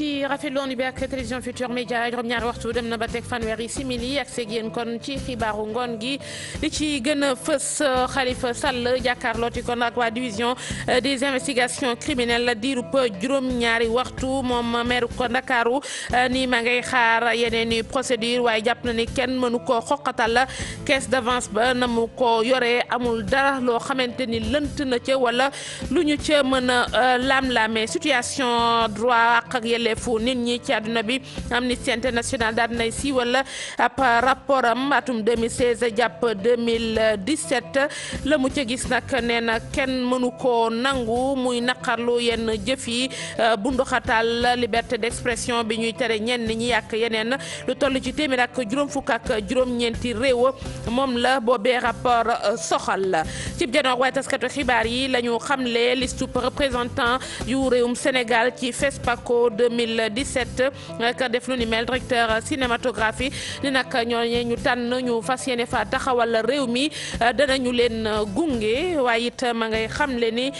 di rafetloon bi ak télévision Futurs Médias juróom-ñaari waxtu dem na ba teg fanweeri simili ak seeg yéen kon ci xibaaru ngoon gi li ci gën a fës Khalifa Sall jàkkaarlooti kon ak waa division euh, des investigations criminelles diirub juróom-ñaari waxtu moom maire ko Ndakaaru euh, ni ma ngay xaar yeneen i procédure waaye jàpp na ni kenn mënu koo xoqatal la caisse d'avance ba na mu ko yoree amul dara loo xamante ni lënt na ca wala lu ñu ca mën a euh, laam-laamee yelleefu nit ñi ci àdduna bi Amnesty International daal dinay siiwal ab rapport am jàpp 2017 la mu ca gis nag nee na kenn mënu ko nangu muy naqarlu yenn jëf yi bunduxatal liberté d'expression bi ñuy tere ñenn ñi ak yeneen lu toll ci téeméer ak juróom fukk juróom-ñeenti réew moom la boobee rapport euh, soxal ci janoor waaye taskatu xibaar yi la ñu xamle listu représentant yu réewum Sénégal ci FESPACO 2017 ka def lu ni mel directeur cinématographie ni nag ñooñee ñu tànn ñu fas yéene fa taxawal réew mi ñu leen gunge waaye it ma ngay xamle ni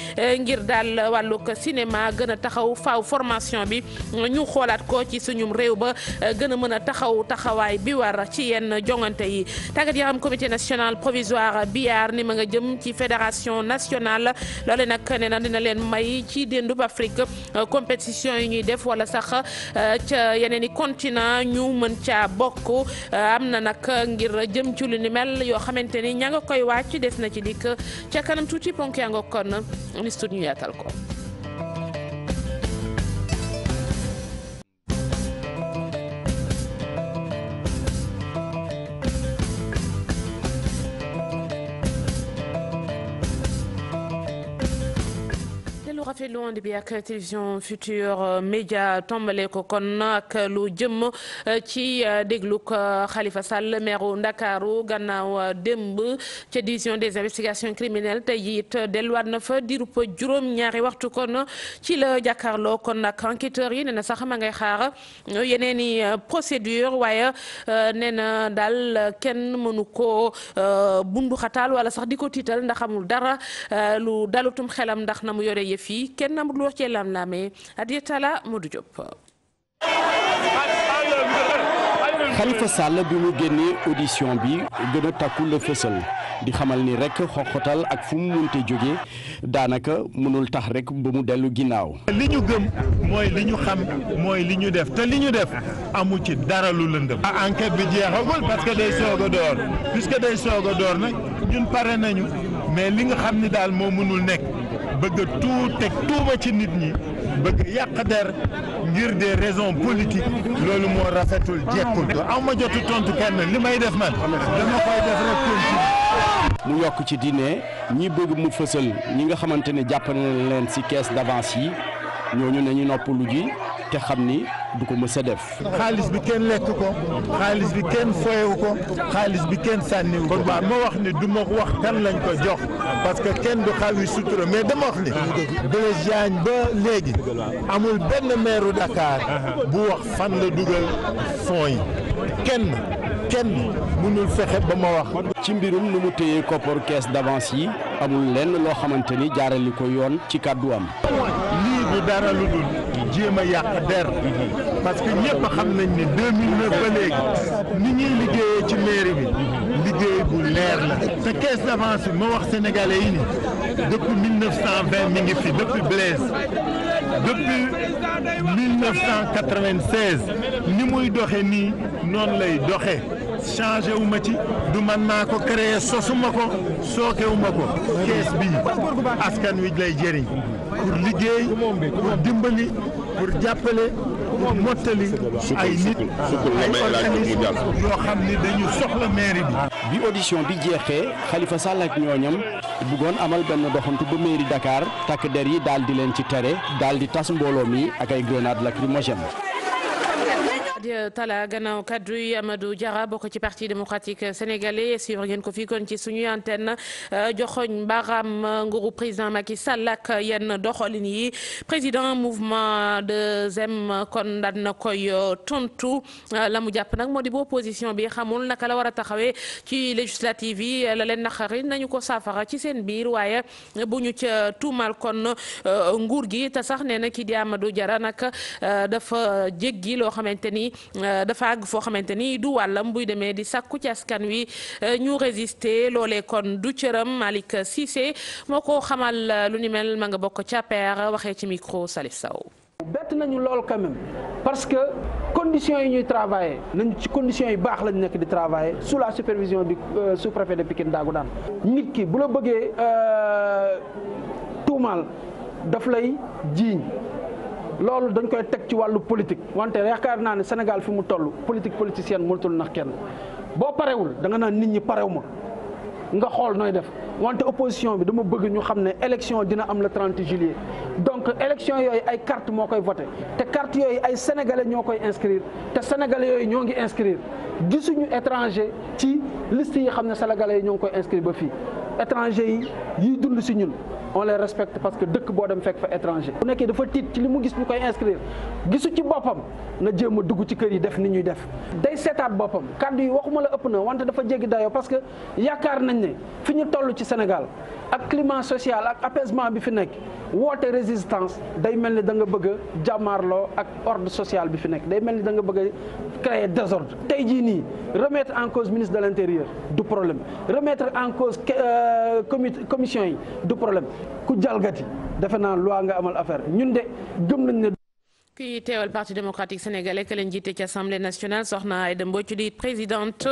ngir daal wàllug cinéma gën a taxaw faaw formation bi ñu xoolaat ko ci suñum réew ba gën a mën a taxaw taxawaay bi war ci yenn jongante yi tàggat yaram comité national provisoire billard ni ma nga jëm ci fédération nationale loole nag nee dina leen may ci déndub Afrique compétition yi ñuy def wala sax euh, ca yeneen i continent ñu mën caa bokk euh, am na nag ngir jëm ci lu ni mel yoo xamante ni ña nga koy wàcc des na ci dikk ca kanam tuuti ponk yaa nga kon ni ñu yaatal ko londi bi ak télévision Futur euh, Média tombale ko kon ak lu jëm euh, ci euh, dégluk Khalifa Sall meeru Ndakaaru gannaaw démb ca division des investigations criminelles te it delluwaat na fa diirub juróom-ñaari waxtu kon ci la jàkkaarloo kon ak enquêteurs yi nee na sax ma ngay xaar yeneen i procédure waaye nee na daal kenn mënu ko bundu xataal wala sax di ko tiital ndax amul dara lu dalutum xelam ndax na mu yore yëf yi kenn na lu wax ci lam-laamee Adiya Talla Modou bi mu génnee audition bi gën a takku la fësal di xamal ni rek xoxotal ak fu mu munte jóge daanaka mënul tax rek ba mu dellu ginnaaw. li ñu gëm mooy li ñu xam mooy li ñu def te li ñu def amul ci dara lu lëndëm. ah enquête bi jeexagul parce que day soog a door puisque day soog a door nag ñun pare nañu mais li nga xam ni daal moo mënul nekk. bëgg a teg tuuma ci nit ñi bëgg yàq der ngir des raisons politiques loolu moo rafetul jekkul ko ma jotu tontu kenn li may def man dama koy def rek mu yokk ci dine ñi bëgg mu fësal ñi nga xamante ne jàpp na leen ci kees d'avance yi ñooñu nañu noppalu ji te xam ni du ko mës a def. xaalis bi kenn lekk ko xaalis bi kenn foyewu ko xaalis bi kenn sànniwu ko. kon waaw ma wax ni du ma wax kan lañ ko jox parce que kenn du xawi sutura mais dama wax ni. Blaise Diagne ba léegi amul benn meeru Dakar bu wax fan la dugal fonds yi kenn. kenn mënul fexe ba ma wax. ci mbirum lu mu téye koppar caisse d'avance yi amul lenn loo xamante ni jaarale ko yoon ci kàddu am. lii du dara lu dul jéem a yàq der parce que xam nañ ne 2009 ba léegi ni ñuy liggéeyee ci mairie bi liggéey bu leer la te caisse d'avance bi ma wax sénégalais yi ni depuis mi ngi fi dëpp Blaise depuis 1996 ni muy doxe nii noonu lay doxe changé wu ci du man maa ko créé sosuma ko sooke ko kees bii askan wi lay jëriñ pour liggéey pour dimbali pour jàppale pour mottali ay nit ay organisme yoo xam ni dañu soxla mairie bi bi audition bi jeexee xalifa Sall ak ñooñam bëggoon amal benn doxantu ba mairie Dakar takk der yi daal di leen ci tere daal di tas mbooloo mi ak ay grenade lacrymogène Nadia Talla gannaaw kaddu yi Amadou Diarra bokk ci parti démocratique sénégalais suivre ngeen ko fii kon ci suñuy antenne euh, joxoñ baaraam euh, nguuru président Macky Sall ak yenn doxalin yi président mouvement de Zem kon daan na koy euh, tontu la mu jàpp nag moo di bu position bi xamul naka la war a taxawee ci législative yi la leen naqari nañu ko saafara ci seen biir waaye bu ñu ca tuumal kon nguur gi te sax nee kii di Amadou Diarra nag dafa jéggi loo xamante ni. gi euh, dafa àgg foo xamante ni du wàllam buy demee di sàkku ci askan wi euh, ñu résister loolee kon du cëram Malick Cissé moo ko xamal euh, lu ni mel ma nga bokk ca APR waxee ci micro Salif Sow bett nañu lool quand parce que conditions yi ñuy travailler nañ ci conditions yi baax lañ nekk di travailler sous la supervision du sous-préfet de Pikine daagu daan nit ki bu la bëggee tuumaal daf lay jiiñ loolu dañ koy teg ci wàllu politique wante yaakaar naa ne Sénégal fi mu toll politique politicienne mënatul nax kenn boo parewul da nga naan nit ñi parew ma nga xool nooy def wante opposition bi dama bëgg ñu xam ne élection dina am le 30 juillet donc élection yooyu ay carte moo koy vote te carte yooyu ay sénégalais ñoo koy inscrire te sénégalais yooyu ñoo ngi inscrire gisuñu étranger ci liste yi xam ne sénégalais yi ñoo ngi koy inscrire ba fii étranger yi yiy dund si ñun on les respecte parce que dëkk boo dem fekk fa étranger bu nekkee dafa tiit ci li mu gis ñu koy inscrire gisu ci boppam na jéem a dugg ci kër yi def ni ñuy def day seetaat boppam kàddu yi waxuma la ëpp na wante dafa jéggi dayoo parce que yaakaar nañ ne fi ñu toll ci Sénégal ak climat social ak apaisement bi fi nekk woote résistance day mel ni da nga bëgg jàmmaarloo ak ordre social bi fi nekk day mel ni da nga bëgg a créer désordre tey jii nii remettre en cause ministre de l'intérieur du problème remettre en cause euh, commission yi du problème ku jalgati defe naa loi nga amal affaire ñun de gëm nañ ne kii teewal parti démocratique sénégalais ka jiite ci assemblée nationale soxna Aïda Mbodj di présidente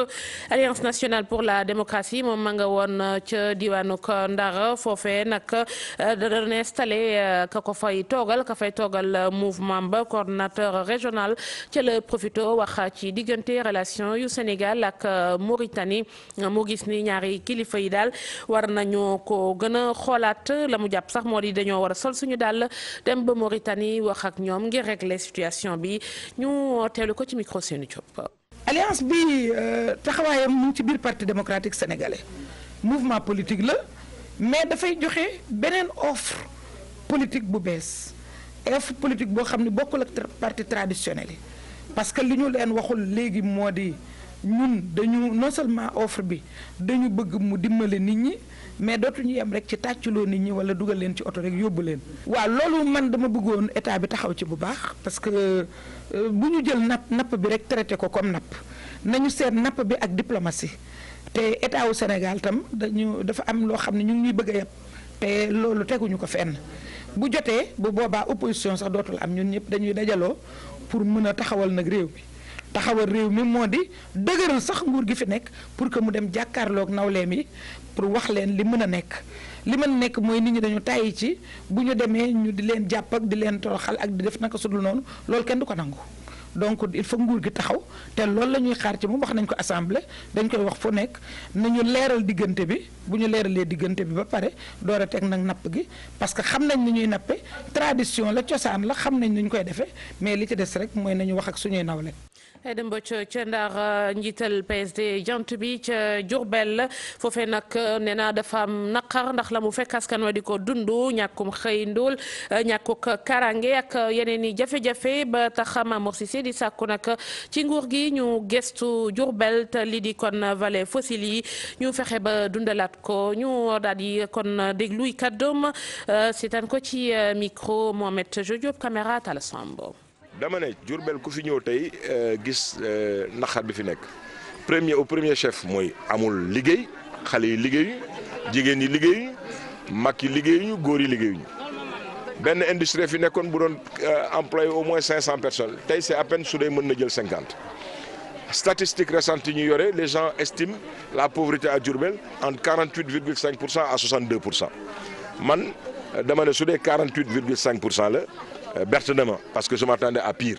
alliance nationale pour la démocratie moom ma nga woon euh, ca diwaanu Ndar foofee nag euh, da doon installé euh, ka ko fay toogal ka fay toogal mouvement ba coordonnateur régional ca profito wax ci diggante relation yu Sénégal ak Mauritanie yi daal ñoom ngir rek jagle situation bi ñu teelu ko ci micro seeni Diop. alliance bi euh, taxawaayam mu ngi ci biir parti démocratique sénégalais mouvement politique la mais dafay joxe beneen offre politique bu bees offre politique boo xam ne bokkul ak parti traditionnel yi parce que li ñu leen waxul léegi moo di ñun dañu non seulement offre bi dañu bëgg mu dimbale nit ñi. mais ñu yem rek ci tàcciloo nit ñi wala dugal leen ci oto rek yóbbu leen waaw loolu man dama bëggoon état bi taxaw ci bu baax parce que euh, bu ñu jël napp napp bi rek traité ko comme napp nañu seet napp bi ak diplomatie te état wu Sénégal tam dañu dafa am loo xam ne ñu ngi ñuy bëgg a yab te loolu teguñu ko fenn bu jotee bu boobaa opposition sax dootul am ñun ñëpp dañuy dajaloo pour mën a taxawal nag réew bi taxawal réew mi moo di dëgëral sax nguur gi fi nekk pour que mu dem jàkkaarloog nawleem yi pour wax leen li mën a nekk li mën nekk mooy nit ñi dañu tàyyi ci bu ñu demee ñu di leen jàpp ak di leen toroxal ak di def naka sudul noonu loolu kenn du ko nangu donc il faut nguur gi taxaw te loolu la ñuy xaar ci moom wax nañ ko assemblée dañ koy wax fu nekk nañu leeral diggante bi bu ñu leeralee diggante bi ba pare door teg nag napp gi parce que xam nañ ni ñuy nappe tradition la cosaan la xam nañ ni ñu koy defee mais li ci des rek mooy nañu wax ak suñuy nawle Aïda Mbodj ca Ndar euh, njiital PSD jant bi ca Diourbel foofee nag euh, nee na dafa am naqar ndax la mu fekk askan wa di ko dund ñàkkum xëy ndóol euh, ñàkkuk karange ak yeneen i jafe-jafe ba tax Mamour Cissé di sàkku nag ci nguur gi ñu gestu Diourbel te lii di kon vallée fossile yi ñu fexe ba dundalaat ko ñu daal di kon dégluy kàddoom seetaan ko ci micro Mohamed Jo Diop caméra dama ne Diourbel ku fi ñëw tey euh, gis euh, naxar bi fi nekk premier au premier chef mooy amul liggéey xale yi liggéeyuñu jigéen yi liggéeyuñu mag yi liggéeyuñu góor yi liggéeyuñu benn industrie fi nekkoon bu doon euh, employé au moins cinq cent personnes tey c'est à su dee mën na jël cinquante statistiques récentes yi ñu yore les gens estiment la pauvreté à Diourbel entre quarante huit virgule cinq pour cent à soixante deux pour cent man dama ne su dee quarante huit virgule cinq pour cent la. berte na ma parce que je m'attendais à piir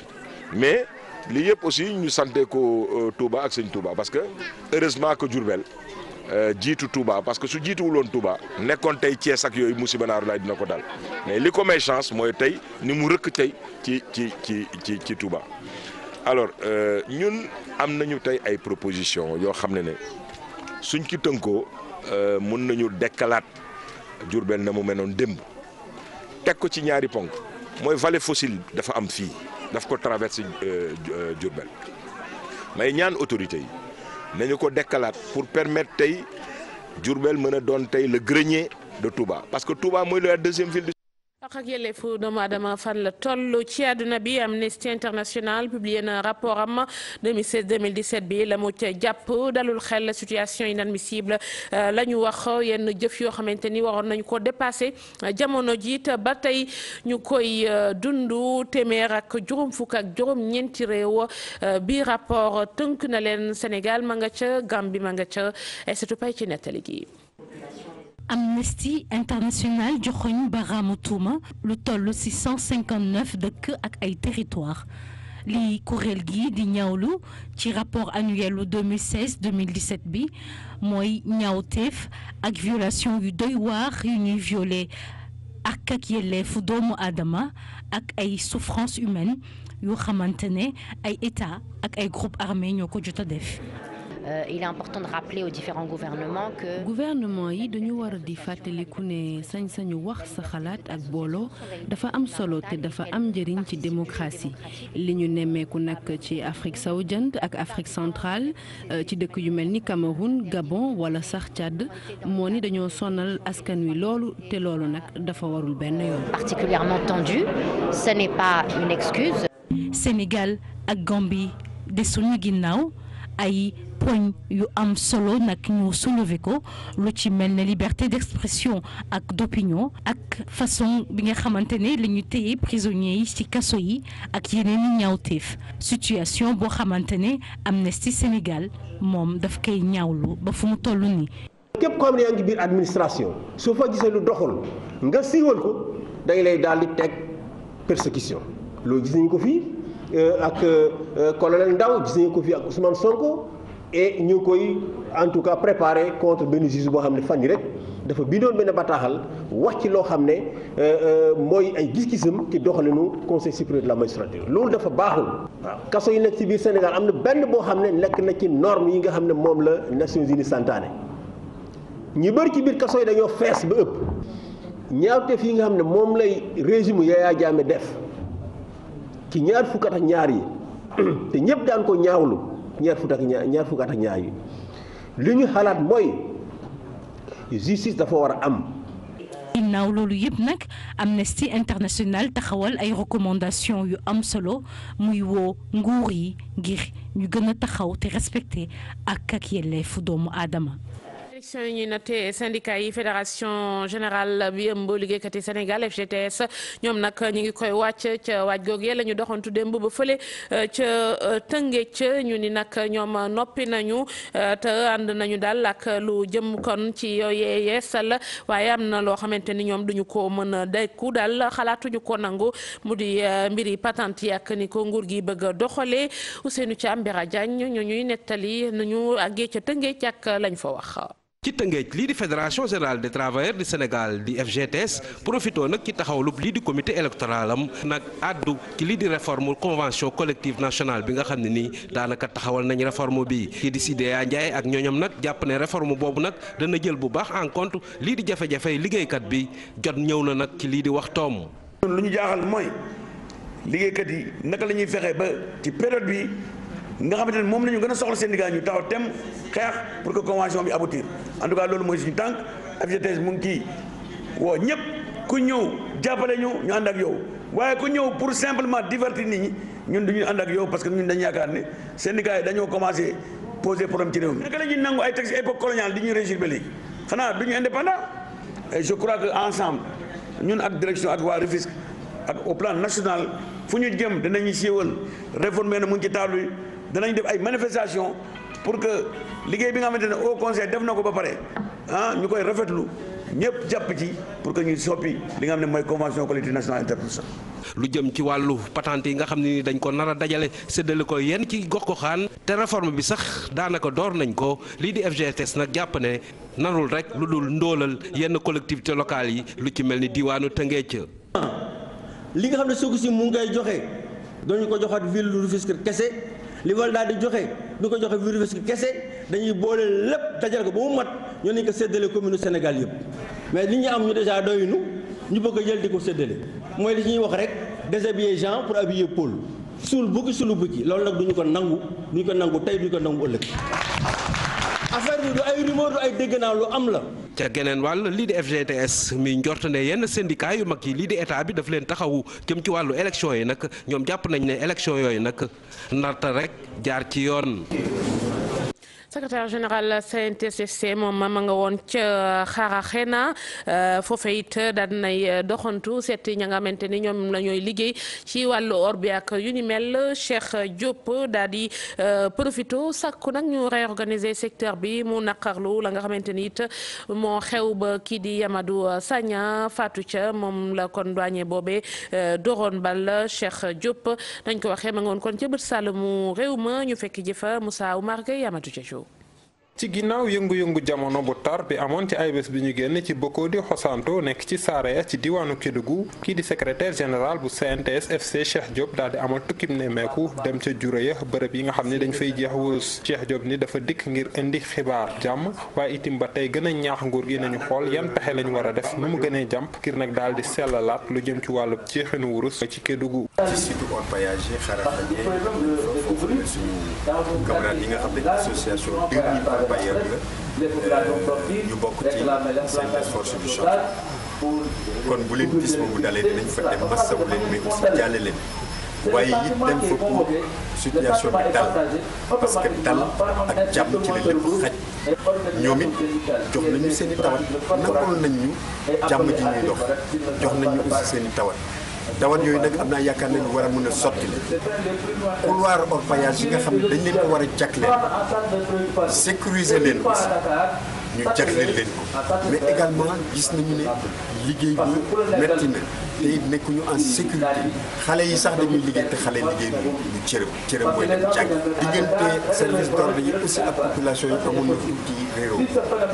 mais lii yëpp aussi ñu sante ko euh, Touba ak sëñ Touba parce que heureusement que Diourbel euh, jiitu Touba parce que su jiituwul woon nekkoon tey Thiès ak yooyu musiba naaru laay dina ko dal mais li ko may chance mooy tey ni mu rëkk tey ci ci ci ci ci Touba. alors euh, ñun am nañu tey ay proposition yoo xam ne ne suñ ci tënkoo mun nañu dekkalaat Diourbel na mu mel noonu démb teg ko ci ñaari ponk. mooy vallée fossile dafa am fii daf ko traversé euh, euh, Diourbel may ñaan autorité yi nañu ko dekkalaat pour permettre tey Diourbel mën a doon tey le grenier de Touba parce que Touba mooy la deuxième ville. ak ak yelleefu doomu aadama fan la toll ci àdduna bi Amnesty International publié na rapport am 2016 2017 bi la mu ca jàpp dalul xel situation inadmissible euh, la ñu wax yenn jëf yoo xamante ni waroon nañu ko dépassé jamono jiit ba tey ñu koy euh, dundu téeméer ak juróom fukk ak juróom ñeenti réew euh, bi rapport tënk na leen Sénégal ma nga ca Gambie ma nga ca Aïssatou Pay ci nettali gi Amnesty International joxoñ baraamu tuuma lu toll ci 159 dëkk ak ay territoire lii kuréel gi di ñawlu ci rapport annuel lu 2016 2017 bi mooy ñaawteef ak violation yu doy waar yu ñuy violé ak ak yelleefu doomu aadama ak ay souffrance humaine yoo xamante ne ay état ak ay groupe armé ñoo ko jot a def Euh, il est important de rappeler aux différents gouvernements que. gouvernement yi dañu war di fàttaliku ne sañ-sañu wax sa xalaat ak booloo dafa am solo te dafa am njëriñ ci démocratie li ñu nemmeeku nag ci Afrique sowu-jant ak Afrique centrale euh, ci dëkk yu mel ni Cameroun Gabon wala sax Tchad moo ni dañoo sonal askan wi loolu te loolu nag dafa warul benn yoon. particulièrement tendu ce n'est pas une excuse. Sénégal ak Gambie de suñu ginnaaw. ay poñ yu am solo nag ñu soulever ko lu ci mel ne liberté d'expression ak d'opinion ak façon bi nga xamante ne la ñu téye prisonniers yi ci kaso yi ak yeneen i ñaawteef situation boo xamante ne Amnesty Sénégal moom daf koy ñawlu ba fu mu toll nii. képp koo xam yaa ngi biir administration su fa gisee lu doxul nga siiwal ko dañ lay daal di teg persécution loolu gis nañu ko fii. Euh, ak euh, colonel Ndaw gis nañu ko fi ak Ousmane Sonko et ñu koy en tout cas préparé contre benn juge boo xam ne fan yi rek dafa bindoon benn bataaxal wax ci loo xam ne euh, mooy ay gis-gisam ci doxalinu conseil supérieur de la magistrature loolu dafa baaxul waaw kaso yi nekk ci biir Sénégal am na benn boo xam ne nekk na ci norme yi nga xam ne moom la Nations Unies santaane ñu bëri ci biir kaso yi dañoo fees ba ëpp ñaawteef yi nga xam ne moom lay régime Yaya Jammeh def ci ñaar fukk ak ñaar yi te ñëpp daan ko ñaawlu ñaar fukk ak ñaar yi li ñu xalaat mooy justice dafa war a am. ginnaaw loolu yëpp nag Amnesty International taxawal ay recommandation yu am solo muy woo nguur yi ngir ñu gën a taxaw te respecté ak ak fu doomu aadama. élection yi ñuy nattee syndicat yi fédération générale bi ëmb liggéeykati Sénégal FGTS ñoom nag ñu ngi koy wàcc ca waaj googee la ñu doxantu démb ba fële euh, ca euh, Tëngéej ñu ni nag ñoom noppi nañu euh, te ànd nañu daal ak lu jëm kon ci yooyee yeesal waaye am na loo xamante ni ñoom duñu ko mën a dékku daal xalaatuñu ko nangu mu di mbiri patente yi ak ni ko nguur gi bëgg a doxalee Ousseynou Thiam Mbira Diagne ñu ñuy nettali nañu àggee ca Tëngéej ak lañ fa wax ci tëngeej lii di fédération générale des travailleurs du Sénégal di FGTS profitoo nag ci taxawlub lii di comité électoral am nag àddu ci lii di réforme convention collective nationale bi nga xam ne nii daanaka taxawal nañ réforme bi kii di Sidya Ndiaye ak ñooñam nag jàpp ne réforme boobu nag dana jël bu baax en compte lii di jafe-jafe liggéeykat bi jot ñëw na nag ci lii di wax toom lu ñu jaaxal mooy liggéeykat yi naka la ñuy fexe ba ci période bi nga xamante ne moom la ñu gën a soxla syndicat ñu taxaw tem xeex pour que convention bi aboutir en tout loolu mooy suñu tànk FGTS mu ngi kii woo ñëpp ku ñëw jàppale ñu ñu ànd ak yow waaye ku ñëw pour simplement diverti nit ñi ñun du ñu ànd ak yow parce que ñun dañu yaakaar ne syndicat yi dañoo commencé poser problème ci réew mi. naka la ñuy nangu ay textes époque coloniale di ñuy régir léegi xanaa du ñu indépendant et je crois que ensemble ñun ak direction ak waa Rufisque ak au plan national fu ñu jëm dinañu siiwal réforme na mu ngi ci taalu danañ def ay manifestation pour que liggéey bi nga xamante ne au conseil def na ko ba pare ah ñu koy rafetlu ñëpp jàpp ci pour que ñuy soppi li nga xam ne mooy convention collective nationale internationale. lu jëm ci wàllu patente yi nga xam ne ni dañ ko nar dajale séddale ko yenn ci gox ko xaan te bi sax daanaka door nañ ko lii di FGTS nag jàpp ne narul rek lu dul ndóolal yenn collectivité locale yi lu ci mel ni diwaanu Tëngéej. Ah, li nga xam ne suuf si mu ngay joxe dañu ko joxaat ville Rufisque kese. li wal daal di joxe du ko joxe virus ki kese dañuy boole lépp dajal ko ba mu mat ñoo nañ ko séddale commune Sénégal yëpp mais li ñu am ñu déjà ñu bëgg a jël di ko séddale mooy li ñuy wax rek déshabiller Jean pour habiller Paul suul bukki sulu bukki loolu nag du ñu ko nangu du ñu ko nangu tey du ñu ko nangu ëllëg affaire bi du ay rumeur du ay dégg naa lu am la ca geneen wàll lii di FGTS mi njort ne yenn syndicat yu mag yi lii di état bi dafa leen taxawu jëm ci wàllu élection yi nag ñoom jàpp nañu ne élection yooyu nag narta rek jaar ci yoon secrétaire général CNTSFC moom ma nga woon ca euh, Xaraxena euh, foofe it euh, daan nay doxantu seet ña nga xamante ni ñoom la liggéey ci wàllu or bi ak yu ni mel Cheikh Diop daal di profito sàkku nag ñu réorganiser secteur bi mu naqarlu la nga xamante ni it moo xew ba kii di Yamadou Sagna faatu ca moom la kon doñe boobe doroon bal Cheikh Diop dañ ko waxee ma nga woon kon ca bët sàll mu réew ma ñu fekk jëfa Moussa Oumar Gueye Yamadou Diadio ci ginnaaw yëngu-yëngu jamono bu tar bi amoon ci ay bés bi ñu génn ci Bokodi Xosanto nekk ci Saraya ci diwaanu Kédougou kii di secrétaire général bu CNTS FC Cheikh Diop daal di amal tukkim nemmeeku dem ca Juróoya bërëb yi nga xam ne dañ fay jeex wóos Cheikh Diop ni dafa dikk ngir indi xibaar jàmm waaye itim ba tey gën a ñaax nguur gi nañu xool yan pexe lañu war a def nu mu gënee jàmp ngir nag daal di sellalaat lu jëm ci wàllu jeexinu wurus ci Kédougou ci bailleur la ñu bokk ci CNTS force du changement kon bu leen gis boobu dalee dinañ fa dem masawu leen mais aussi jàlle leen waaye it dem fa pour situation bi dal parce que ak jàmm ci la lépp xaj ñoom jox nañu seen i tawat nangul nañ ñu jàmm ji ñuy dox jox nañ ñu aussi seen i tawat. dawat yooyu nag am naa yaakaar ne lu war a mën a sotti la couloir orpaillage yi nga xam ne dañ leen ko war a jagleel sécuriser leen aussi ñu jagleel leen ko mais également gis nañu ne liggéey bi metti na te it nekkuñu en sécurité xale yi sax dañuy liggéey te xale liggéey du du cërëm cërëm mooy dem jàng diggante service d'ordre yi aussi ak population yi amoon na tuuti réeróo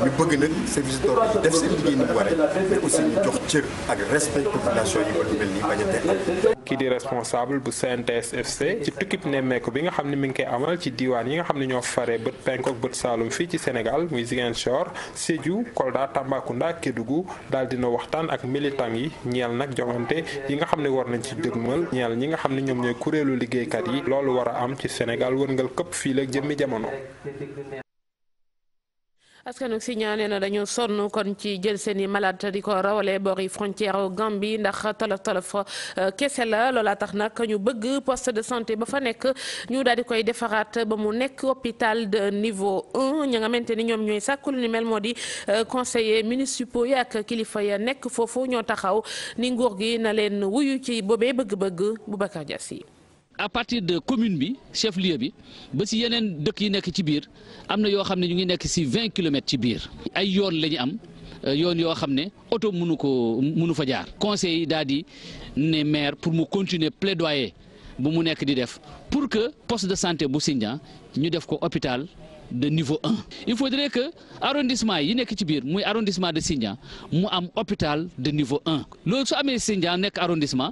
ñu bëgg nag service d'ordre yi def seen liggéey ni mu waree mais aussi ñu jox cër ak respect population yi ba lu mel nii di responsable bu CNTS FC ci tukkib nemmeeku bi nga xam ne mi ngi koy amal ci diiwaan yi nga xam ne ñoo fare bët penk ak bët saalum fii ci Sénégal muy Ziguinchor Sédhiou Kolda Tambacounda Kédougou daal dina waxtaan ak militant yi ñeel nag jongante yi nga xam ne war nañ ci dëgmal ñeel ñi nga xam ne ñoom ñooy kuréelu liggéeykat yi loolu war am ci Sénégal wërngal këpp fii la jëmmi jamono askan wi si ñaanee na dañu sonn kon ci jël seen i malade di ko rawale bori frontière Gambie ndax tolof tolof euh, kese la loola tax nag ñu bëgg poste de santé ba fa nekk ñu daal di koy defaraat ba mu nekk hôpital de niveau un ña nga xamante ni ñoom ñooy sàkku lu ni mel moo di euh, conseillers municipaux yi ak kilifa ya nekk foofu ñoo taxaw ni nguur gi na leen wuyu ci boobee bëgg-bëgg Boubacar Dias yi à partir de commune bi chef lieu bi ba si yeneen dëkk yi nekk ci biir am na yoo xam ne ñu ngi nekk si vingt kilomètres ci biir ay yoon la ñu am euh, yoon yoo xam ne oto mënu ko mënu fa jaar conseil yi daal di ne maire pour mu continuer plaidoyer bu mu nekk di def pour que poste de santé bu Sindian ñu def ko hôpital de niveau un il faudrait que arrondissement yi nekk ci biir muy arrondissement de Sindian mu am hôpital de niveau un loolu su amee Sindian nekk arrondissement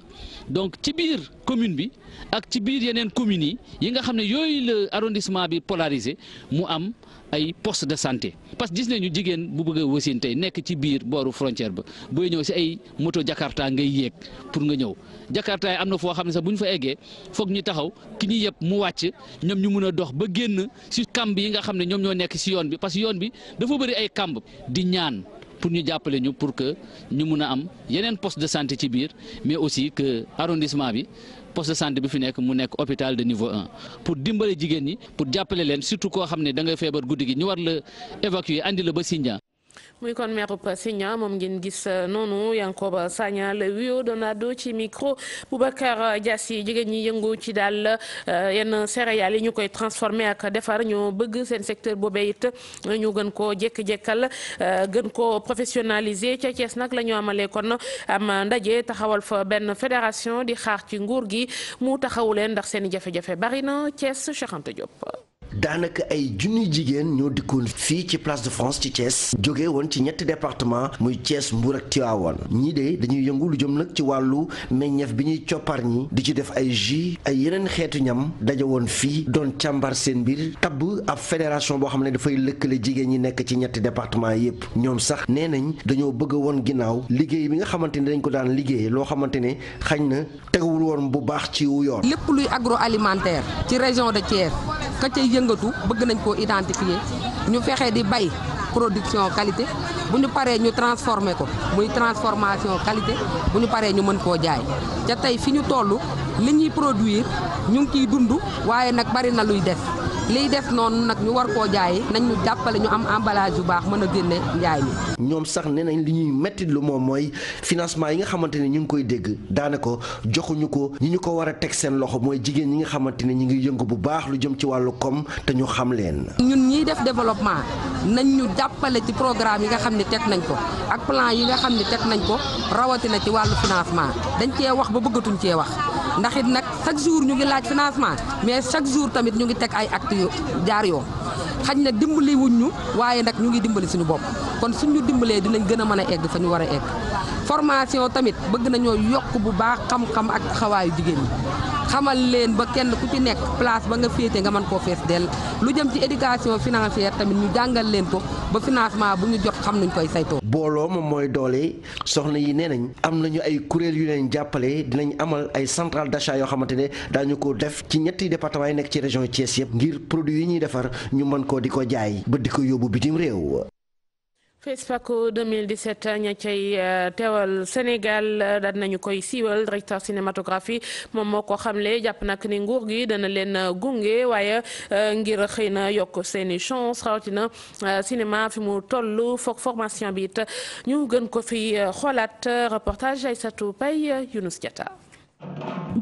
donc ci biir commune bi ak ci biir yeneen communes yi yi nga xam ne yooyu la arrondissement bi polarisé mu am ay poste de santé parce que gis nañu jigéen bu bëgg a wasin tey nekk ci biir booru frontière ba booy ñëw si ay moto Jakarta ngay yéeg pour nga ñëw Jakarta am na foo xam ne sax bu ñu fa eggee foog ñu taxaw ki ñuy yëpp mu wàcc ñoom ñu mun a dox ba génn si kamb yi nga xam ne ñoom ñoo nekk si yoon bi parce que yoon bi dafa bëri ay kamb di ñaan. pour ñu jàppale ñu pour que ñu mun a am yeneen poste de santé ci biir mais aussi que arrondissement bi poste de santé bi fi nekk mu nekk hôpital de niveau un pour dimbale jigéen ñi pour jàppale leen surtout koo xam ne da nga feebar guddi gi ñu war la évacuer indi la ba Sindian muy kon maire Signa moom ngeen gis euh, noonu Yankoba Sagna la wiyoo doon ci micro Boubacar Dias yi jigéen ñi yëngu ci daal euh, yenn céréales yi ñu koy transformé ak defar ñoo bëgg seen secteur boobee it ñu gën koo jékki-jékkal euh, gën koo professionnaliser ca Thiès nag la ñu amalee kon am ndaje taxawal fa benn fédération di xaar ci nguur gi mu taxawu leen ndax seen i jafe-jafe bari na Thiès Cheikh daanaka ay junni jigéen ñoo dikkoon fii ci place de France ci Thiès jóge woon ci ñetti département muy Thiès Mbour ak Tivaouane ñii de dañuy yëngu lu jëm nag ci wàllu meññeef bi ñuy coppar ñi di ci def ay jus ay yeneen xeetu ñam daje woon fii doon càmbar seen mbir tabb ab fédération boo xam ne dafay lëkkale jigéen ñi nekk ci ñetti département yépp ñoom sax nee nañ dañoo bëgg woon ginnaaw liggéey bi nga xamante ne dañ ko daan liggéey loo xamante ne xañ na teguwul woon bu baax ci yoon lépp luy agroalimentaire ci région yëngatu bëgg nañ koo identifier ñu fexe di bay production qualité bu ñu paree ñu transformer ko muy transformation qualité bu ñu paree ñu mën koo jaay ca tey fi ñu toll li ñuy produire ñu ngi ciy dund waaye nag bari na luy def liy def noonu nag ñu war koo jaay nañ ñu jàppale ñu am emballage yu baax mën a génne njaay mi. ñoom sax nee nañ li ñuy métti lu moom mooy financement yi nga xamante ne ñu ngi koy dégg daanaka joxuñu ko ñi ñu ko war a teg seen loxo mooy jigéen ñi nga xamante ne ñu ngi yëngu bu baax lu jëm ci wàllu koom te ñu xam leen. ñun ñiy def développement nañ ñu jàppale ci programme yi nga xam ni teg nañ ko ak plan yi nga xam ne teg nañ ko rawatina ci wàllu financement dañ cee wax ba bëggatuñ cee wax chaque jour ñu ngi laaj financement mais chaque jour tamit ñu ngi teg ay actes yu jaar yoon xañ na dimbali ñu waaye nag ñu ngi dimbali suñu bopp kon suñu dimbalee dinañ gën a mën a egg fa ñu war a egg formation tamit bëgg nañoo yokk bu baax xam-xam ak xawaayu jigéen ñi. xamal leen ba kenn ku ci nekk place ba nga féete nga mën koo fees dell lu jëm ci éducation financière tamit ñu jàngal leen ko ba financement bu ñu jot xam nañu koy saytoo. booloo moom mooy doole soxna yi nee nañ am nañu ay kuréel yu leen jàppale dinañ amal ay centrale d'achat yoo xamante ne daañu ko def ci ñetti département yi nekk ci région Thiès yëpp ngir produit yi ñuy defar ñu mën ko di ko jaay ba di ko yóbbu bitim réew. FESPACO 2017 ña cay euh, teewal Sénégal euh, daan nañu koy siiwal directeur cinématographie moom moo ko lee jàpp nag ni nguur gi dana leen euh, gunge waaye ngir xëy na yokk seeni chance rawatina cinéma fi mu toll foog formation bi it ñu gën ko fi xoolaat reportage Aïssatou Paye Younous Diatta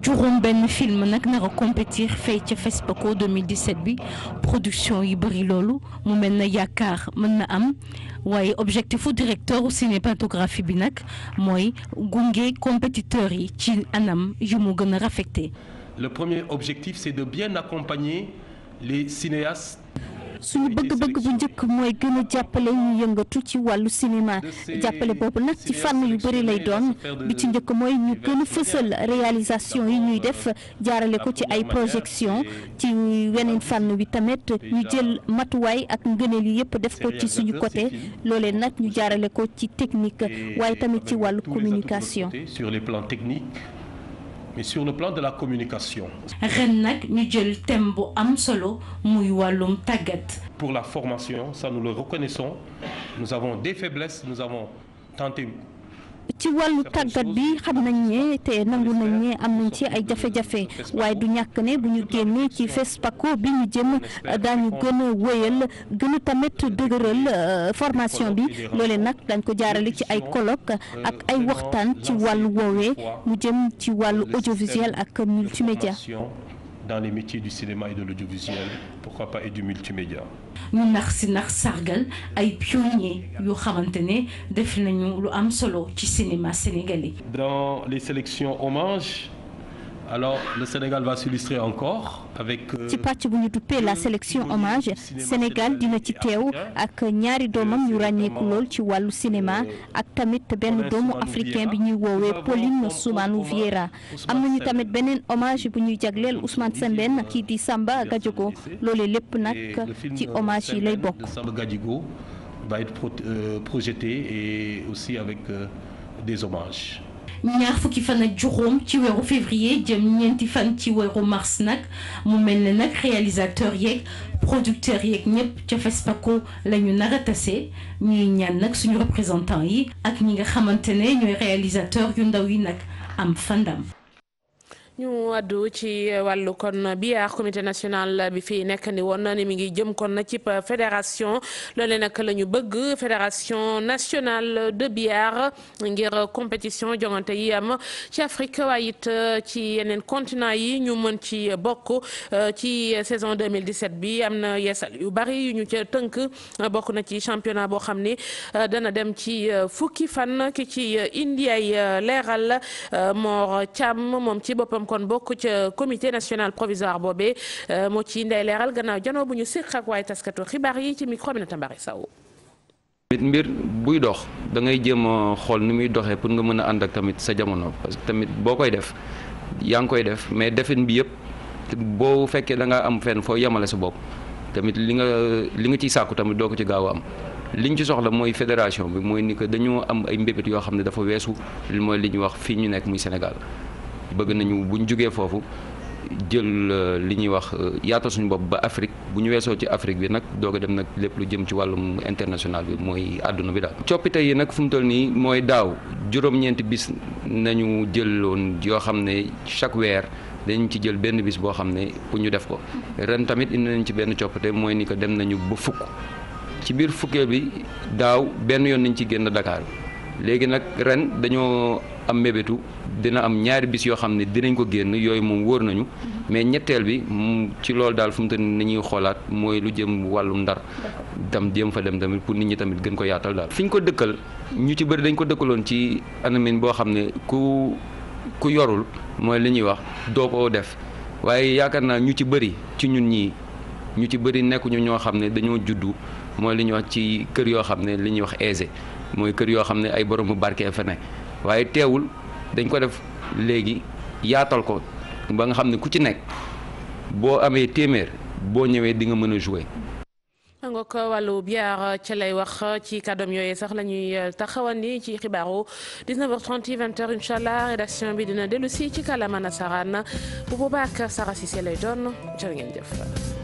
juróom benn film nag nar a compétir fay ca FESPACO 2017 bi production yi bëri loolu mu mel na yàkkaar mën na am waaye objectifu directeur cinématographie bi nag mooy gunge compétiteurs yi ci anam yu mu gën a rafetee. Le premier objectif c'est de bien accompagner les cinéastes suñu bëgg-bëgg bu njëkk mooy gën jàppale ñu yëngatu ci wàllu cinéma jàppale boobu nag ci fànn yu bëri lay doon bi ci njëkk mooy ñu gën fësal réalisation yi ñuy def jaarale ko ci ay projection ci weneen fànn bi tamit ñu jël matuwaay ak ngëneel yi yëpp def ko ci suñu côté looleen nag ñu jaarale ko ci technique waaye tamit ci wàllu communication sur les plans techniques mais sur le plan de la communication. ren nag ñu jël thème bu am solo muy wàllum tàggat. pour la formation ça nous le reconnaissons nous avons des faiblesses nous avons tenté. ci wàllu tàggat bi xam nañ ne te nangu nañ ne am nañ ci ay jafe-jafe waaye du ñàkk ne bu ñu génnee ci FESPACO bi ñu jëm daañu gën a wéyal tamit dëgëral euh, formation bi loole nag dañ ko jaarale ci ay colloque ak ay waxtaan ci wàllu woowee mu jëm ci wàllu audiovisuel ak multimédia dans les métiers du cinéma et de l'audiovisuel pourquoi pas et du multimédia. ñu nax si nax sargal ay pionniers yoo xamante ne def nañu lu am solo ci cinéma sénégalais. dans les sélections hommages. alors Sénégal va s'illustrer encore avec. Euh, ci pàcc bu ñu duppee la sélection hommage Sénégal dina ci teew ak ñaari doomam yu ràññeeku lool ci wàllu cinéma ak tamit benn doomu africain bi ñuy woowee Pauline Soumanou Vieira am nañu tamit beneen hommage bu ñuy jagleel Ousmane Sembène euh, kii di Samba Gadiogo loole lépp nag ci hommage yi lay bokk. Samba Gadiogo va être euh, projeté et aussi avec des hommages. ñaar fukki fan ak juróom ci weeru février jëm ñeenti fan ci weeru mars nag mu mel ne nag réalisateur yeeg producteur yeeg ñëpp ca FESPACO la ñu nar a tase ñuy ñaan nag suñu représentant yi ak ñi nga xamante ne ñooy réalisateur yu ndaw yi nag am fandam ñu addu ci wàllu kon biyaar comité national bi fi nekk ni woon ni mu ngi jëm kon na ci fédération loolee nag la ñu bëgg fédération nationale de biyaar ngir compétition jongante yi am ci Afrique waaye it euh, ci yeneen continent yi ñu mën ci bokk euh, ci saison 2017 bi am na yeesal yu bari yu ñu ca tënk bokk na ci championnat boo xam ni euh, dana dem ci fukki fan ki ci indi ay leeral Mor Thiam moom ci boppam moom kon bokk ca comité national provisoire boobee euh, moo ci nday leeral gannaaw janoo bu ñu séq ak waaye taskatu xibaar yi ci micro Aminata Mbaye Sow mbir buy dox da ngay jéem xool ni muy doxee pour nga mën a ànd ak tamit sa jamono parce que tamit boo koy def yaa ngi koy def mais defin bi yëpp boo fekkee da ngaa am fenn foo yemale sa bopp tamit li nga li nga ciy sàkku tamit doo ko ci gaaw a am li ñu ci soxla mooy fédération bi mooy ni que dañoo am ay mbébét yoo xam ne dafa weesu li mooy li ñuy wax fii ñu nekk muy Sénégal bëgg nañu bu ñu jógee foofu jël euh, li ñuy wax euh, yaatal suñu bopp ba Afrique bu ñu weesoo ci Afrique bi nag doog a dem nag lépp lu jëm ci wàllum international bi mooy àdduna bi daal. coppite yi nag fu mu toll nii mooy daaw juróom-ñeenti bis nañu jëloon yoo xam ne chaque weer dañ ci jël benn bis boo xam ne pour ñu def ko ren tamit indi nañ ci benn coppite mooy ni ko dem nañu ba fukk ci biir fukkeel bi daaw benn yoon nañ ci génn Dakar. léegi nag ren dañoo am mébétu dina am ñaari bis yoo xam ne dinañ ko génn yooyu moom wóor nañu mais ñetteel bi ci loolu daal fu mu toll ni ñuy xoolaat mooy lu jëm wàllum ndar tam jéem fa dem tamit pour nit ñi tamit gën ko yaatal daal fi ñu ko dëkkal ñu ci bëri dañ ko dëkkaloon ci anamin boo xam ne ku ku yorul mooy li ñuy wax doo ko def waaye yaakaar naa ñu ci bëri ci ñun ñii ñu ci bëri nekkuñu ñoo xam ne dañoo juddu mooy li ñuy wax ci kër yoo xam ne li ñuy wax aisé mooy kër yoo xam ne ay borom bu barkee fa ne waaye teewul dañ ko def léegi yaatal ko ba nga xam ne ku ci nekk boo amee téeméer boo ñëwee di nga mën a jouer. nga ko wàllu biar ca lay wax ci kàddoom yooyu sax la ñuy euh, taxawandi ci xibaaru 19h30 20h allah rédaction bi dina dellu si ci kàllaama nasaraan bu boobaa ak Sara Cissé lay doon jërë ngeen jëf.